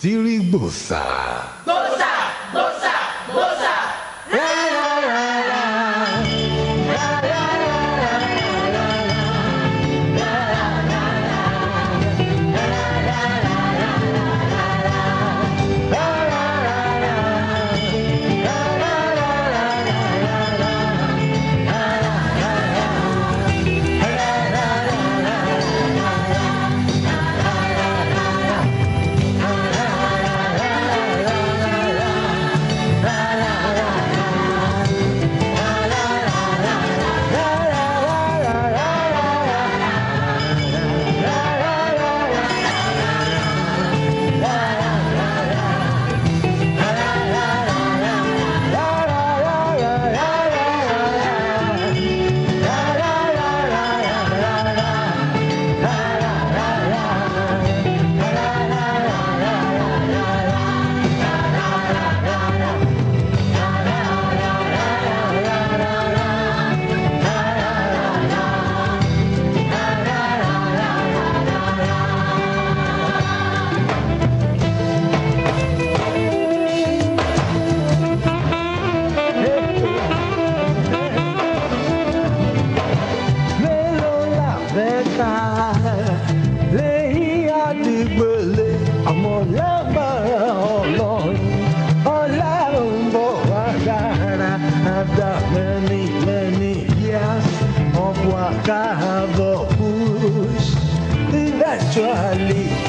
Dirigbòsà. Gbòsà gbòsà. carros, naturalidad.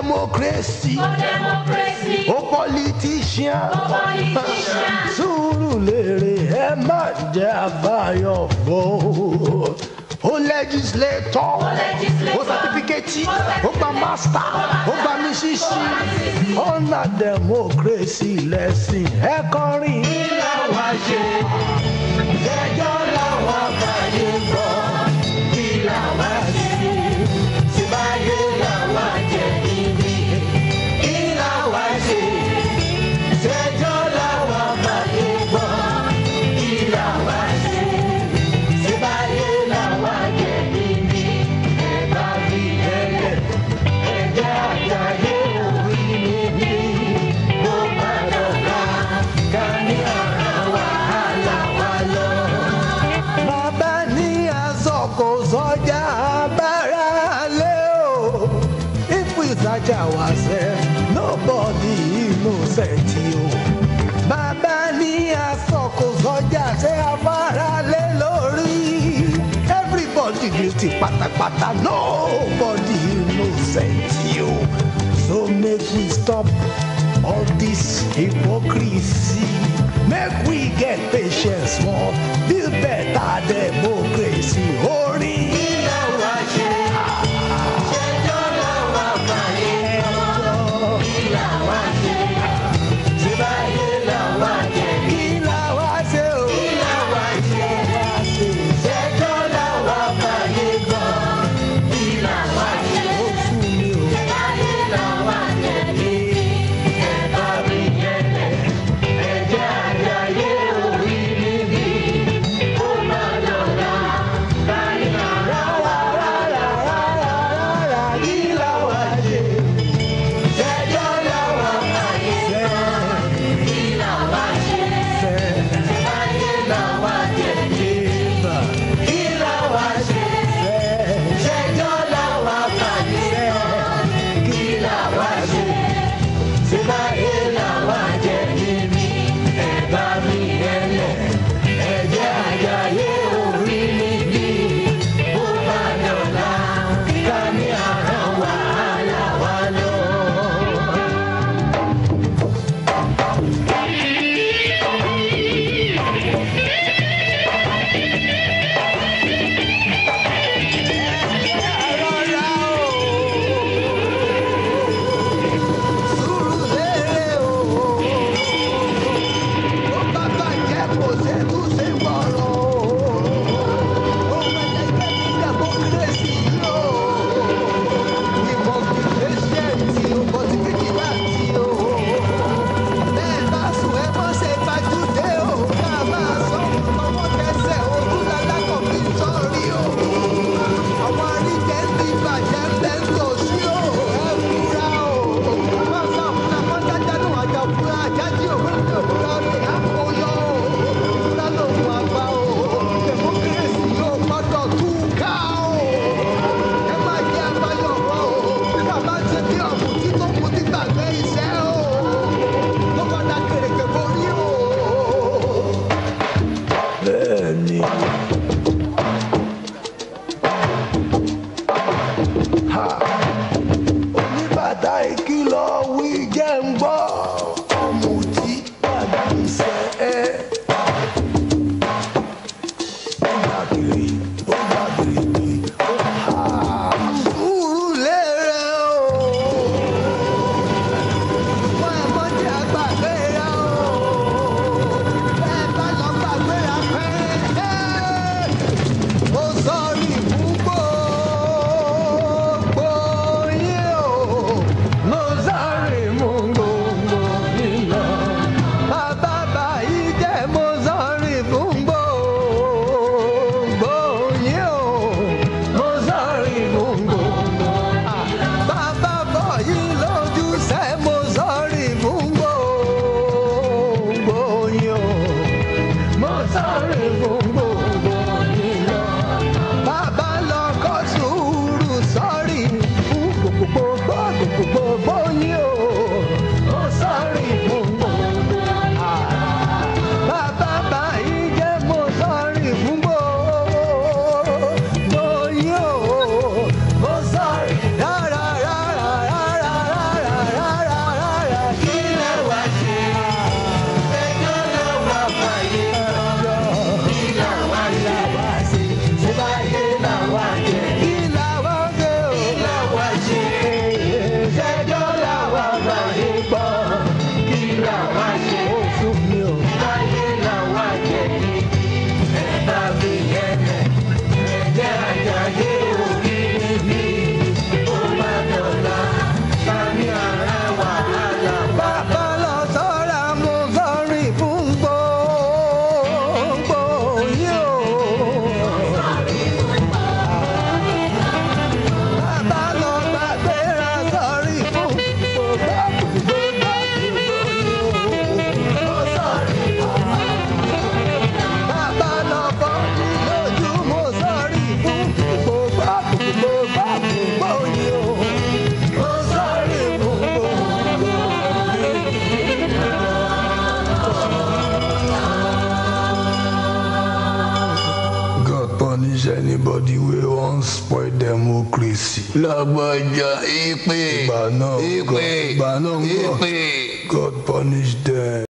democracy ó politician sùúrù lèrè ẹ má jẹ́ àbáyọ̀ bò ó legislator ó certificate ó gba master ó gba mísísì ọ̀nà democracy lẹ́sìn ẹ kọrin. ilé wa ṣe ẹjọ́ làwọn àgbáyé gbọ́ kí làwọn ṣe. nature was there. Nobody innocent you. Bàbá ní asọ̀kò sọ́jà ṣé afárá lé lórí. Everybody guilty pátápátá. Nobody innocent you. So make we stop all this hypocrisy. Make we get patience more. This better democracy. Orin. anybody wey wan spoil democracy. lọ́gbọ́jọ ìpè ìpè ìpè God punish them.